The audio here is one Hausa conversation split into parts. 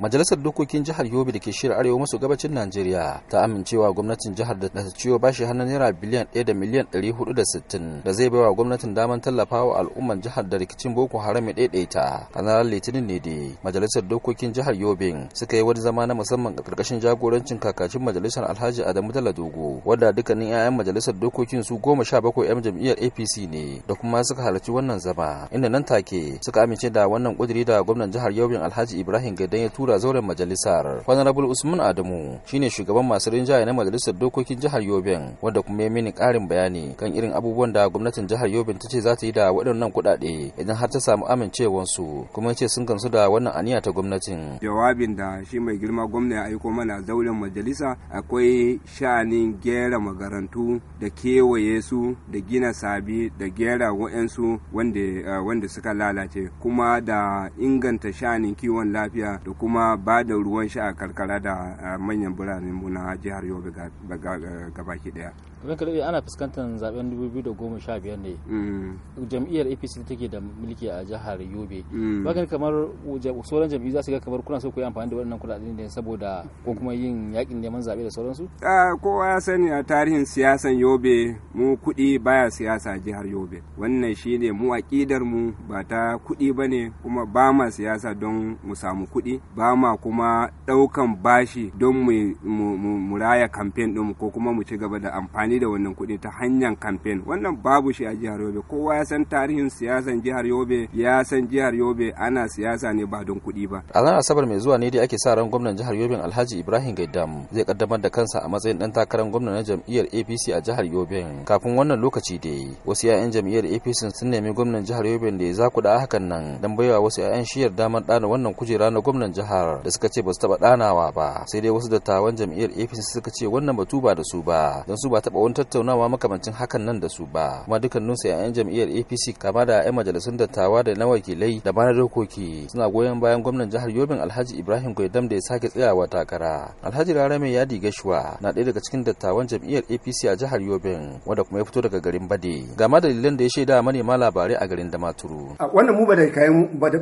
majalisar dokokin jihar yobe da ke shirya arewa maso gabacin najeriya ta amincewa gwamnatin jihar da ta ciwo bashi hannun naira biliyan ɗaya da miliyan ɗari hudu da sittin da zai baiwa gwamnatin daman tallafawa al'umman jihar da rikicin boko haram ya ɗaiɗaita a ranar litinin ne dai majalisar dokokin jihar yobe suka yi wani zama na musamman a ƙarƙashin jagorancin kakacin majalisar alhaji adamu dala dogo wadda dukkanin 'ya'yan majalisar dokokin su goma sha bakwai 'yan jam'iyyar apc ne da kuma suka halarci wannan zama inda nan take suka amince da wannan ƙudiri da gwamnan jihar yobe alhaji ibrahim gadan ya tura tura zauren majalisar honorable usman adamu shine shugaban masu rinjaye na majalisar dokokin jihar yobin wanda kuma ya mini karin bayani kan irin abubuwan da gwamnatin jihar yobin ta ce za ta yi da waɗannan kuɗaɗe idan har ta samu su kuma ya ce sun gamsu da wannan aniya ta gwamnatin jawabin da shi mai girma gwamna ya aiko mana zauren majalisa akwai sha'anin gera magarantu da kewaye su da gina sabi da gera wa'yansu wanda suka lalace kuma da inganta sha'anin kiwon lafiya da kuma kuma ba da ruwan sha a karkara da manyan birane mu na jihar yobe gabaki daya kamar kalli ana fuskantar zaben 2015 ne mm. jam'iyyar apc take da mulki a jihar yobe mm. bakan kamar sauran jam'i za su ga kamar kuna so ku yi amfani da waɗannan kuɗaɗen ne saboda ko kuma yin yakin neman zaɓe da sauransu kowa ya sani a tarihin siyasan yobe mu kuɗi baya siyasa a jihar yobe wannan shine mu aƙidar mu ba ta kuɗi ne kuma ba ma siyasa don mu samu kuɗi ba ba kuma daukan bashi don mu raya kamfen ɗin ko kuma mu ci gaba da amfani da wannan kuɗi ta hanyar kamfen wannan babu shi a jihar yobe kowa ya san tarihin siyasan jihar yobe ya san jihar yobe ana siyasa ne ba don kuɗi ba a ranar asabar mai zuwa ne dai ake sa ran gwamnan jihar yobe alhaji ibrahim gaidam zai kaddamar da kansa a matsayin dan takarar gwamna na jam'iyyar apc a jihar yobe kafin wannan lokaci dai wasu 'ya'yan jam'iyyar apc sun nemi gwamnan jihar yobe da ya zakuɗa hakan nan don baiwa wasu 'ya'yan shiyar damar ɗana wannan kujera na gwamnan jihar jihar da suka ce ba su taba danawa ba sai dai wasu dattawan jam'iyyar APC suka ce wannan batu ba da su ba don su ba taba wani tattaunawa makamancin hakan nan da su ba kuma dukkanin su yayan jam'iyyar APC kama da yan majalisun dattawa da na wakilai da bana dokoki suna goyon bayan gwamnan jihar Yobin Alhaji Ibrahim Goydam da ya sake tsayawa takara Alhaji Rarame Yadi Gashuwa na ɗaya daga cikin dattawan jam'iyyar APC a jihar Yobin wanda kuma ya fito daga garin Bade ga dalilan da ya shaida manema labarai a garin Damaturu wannan mu ba da kayan ba da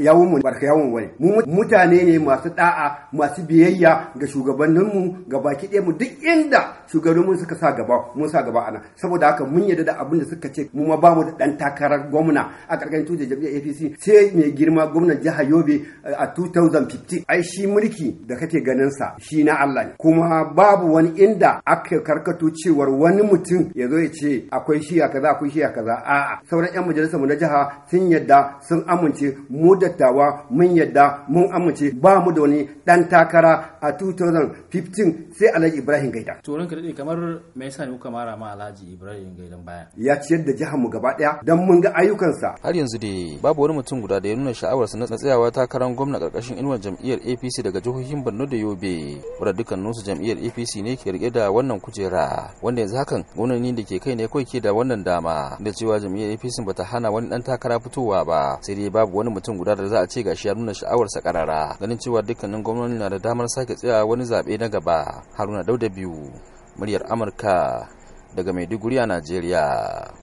yawun mu ba da yawun mu mutane ne masu da'a masu biyayya ga shugabanninmu ga baki ɗaya mu duk inda shugabanninmu suka sa gaba mun sa gaba ana saboda haka mun yarda da abin da suka ce mu ma bamu da dan takarar gwamna a ƙarƙashin tuje jamia APC sai mai girma gwamnan jihar Yobe eh, a 2015 ai shi mulki da kake ganin sa shi na Allah ne kuma babu wani inda aka karkato cewar wani mutum ya zo ya ce akwai shi ya kaza akwai shi ya kaza a'a sauran yan majalisar mu na jiha sun yadda sun amince mu dattawa mun yadda mun amince ba mu da wani dan takara a 2015 sai Alhaji Ibrahim Gaida. To ranka dade kamar me yasa ne kuka mara ma Alhaji Ibrahim gaida baya? Ya ciyar da jihar mu gaba daya dan mun ga ayyukansa. Har yanzu dai babu wani mutum guda da ya nuna sha'awarsa na tsayawa takarar gwamna karkashin inuwar jam'iyyar APC daga jihohin Borno da Yobe. Wadda dukkaninsu jam'iyyar APC ne ke rike da wannan kujera wanda yanzu hakan gwamnoni da ke kai ne kawai ke da wannan dama da cewa jam'iyyar APC bata hana wani dan takara fitowa ba sai dai babu wani mutum guda da za a ce gashi ya nuna sa karar shekara ganin cewa dukkanin gwamnati na da damar sake tsaya wani zaɓe na gaba haruna dauda biyu muryar amurka daga maiduguri a najeriya